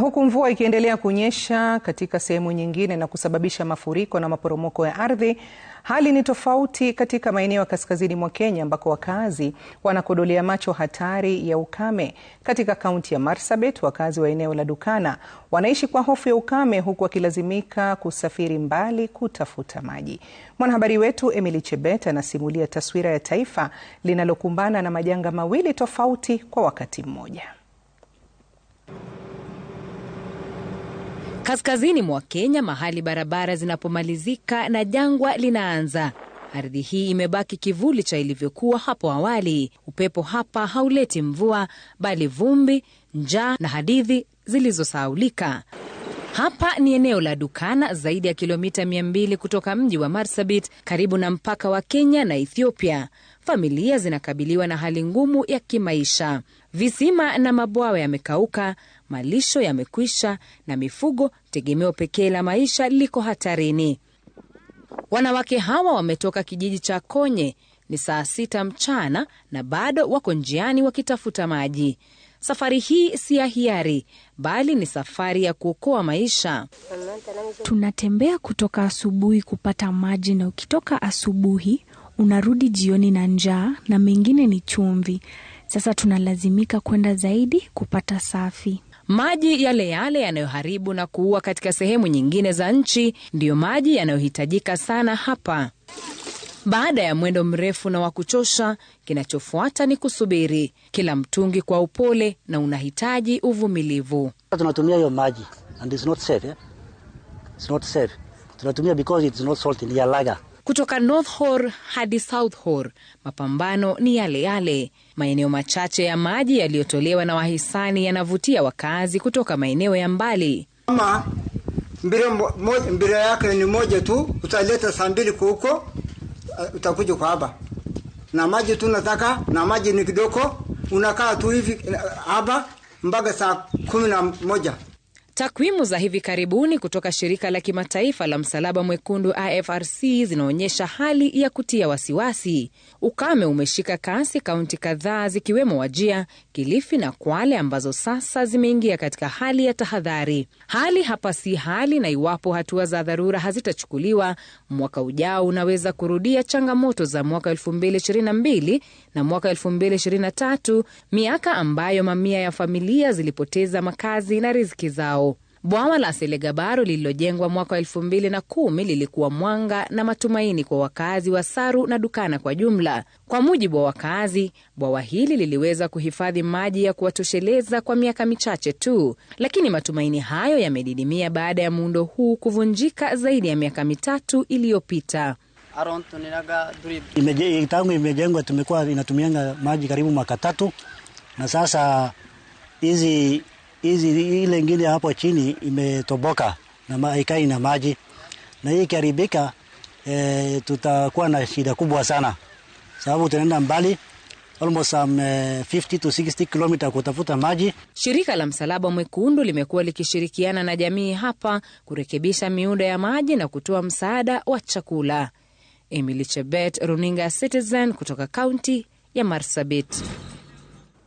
Huku mvua ikiendelea kunyesha katika sehemu nyingine na kusababisha mafuriko na maporomoko ya ardhi, hali ni tofauti katika maeneo ya kaskazini mwa Kenya ambako wakazi wanakodolea macho hatari ya ukame. Katika kaunti ya Marsabit, wakazi wa eneo la Dukana wanaishi kwa hofu ya ukame huku wakilazimika kusafiri mbali kutafuta maji. Mwanahabari wetu Emily Chebet anasimulia taswira ya taifa linalokumbana na majanga mawili tofauti kwa wakati mmoja. kaskazini mwa Kenya, mahali barabara zinapomalizika na jangwa linaanza. Ardhi hii imebaki kivuli cha ilivyokuwa hapo awali. Upepo hapa hauleti mvua, bali vumbi, njaa na hadithi zilizosahaulika. Hapa ni eneo la Dukana, zaidi ya kilomita 200 kutoka mji wa Marsabit, karibu na mpaka wa Kenya na Ethiopia. Familia zinakabiliwa na hali ngumu ya kimaisha. Visima na mabwawa yamekauka, malisho yamekwisha, na mifugo tegemeo pekee la maisha liko hatarini. Wanawake hawa wametoka kijiji cha Konye, ni saa sita mchana na bado wako njiani wakitafuta maji. Safari hii si ya hiari, bali ni safari ya kuokoa maisha. Tunatembea kutoka asubuhi kupata maji, na ukitoka asubuhi unarudi jioni na njaa, na mengine ni chumvi. Sasa tunalazimika kwenda zaidi kupata safi. Maji yale yale yanayoharibu na kuua katika sehemu nyingine za nchi ndiyo maji yanayohitajika sana hapa. Baada ya mwendo mrefu na wa kuchosha, kinachofuata ni kusubiri, kila mtungi kwa upole na unahitaji uvumilivu. Tunatumia hiyo maji and it's not safe, yeah? It's not safe. Tunatumia because it's not salt, ni ya laga. Kutoka North Hor hadi South Hor, mapambano ni yale yale. Maeneo machache ya maji yaliyotolewa na wahisani yanavutia wakazi kutoka maeneo ya mbali. Mama, mbira yake ni moja tu, utaleta saa mbili huko uh, utakuja kwa hapa na maji tu nataka na maji ni kidogo, unakaa tu hivi hapa eh, mpaka saa kumi na moja. Takwimu za hivi karibuni kutoka shirika la kimataifa la msalaba mwekundu IFRC zinaonyesha hali ya kutia wasiwasi. Ukame umeshika kasi kaunti kadhaa zikiwemo Wajia, Kilifi na Kwale ambazo sasa zimeingia katika hali ya tahadhari. Hali hapa si hali, na iwapo hatua za dharura hazitachukuliwa, mwaka ujao unaweza kurudia changamoto za mwaka 2022 na mwaka 2023, miaka ambayo mamia ya familia zilipoteza makazi na riziki zao. Bwawa la selegabaro lililojengwa mwaka wa elfu mbili na kumi lilikuwa mwanga na matumaini kwa wakazi wa Saru na Dukana kwa jumla. Kwa mujibu wa wakazi, bwawa hili liliweza kuhifadhi maji ya kuwatosheleza kwa miaka michache tu, lakini matumaini hayo yamedidimia baada ya muundo huu kuvunjika zaidi ya miaka mitatu iliyopita. tangu imejengwa tumekuwa inatumianga maji karibu mwaka tatu, na sasa hizi hizi ile ingine hapo chini imetoboka na haikai na maji, na hii ikiharibika, e, tutakuwa na shida kubwa sana, sababu tunaenda mbali almost some 50 eh, to 60 kutafuta maji. Shirika la Msalaba Mwekundu limekuwa likishirikiana na jamii hapa kurekebisha miundo ya maji na kutoa msaada wa chakula. Emily Chebet, Runinga Citizen, kutoka kaunti ya Marsabit.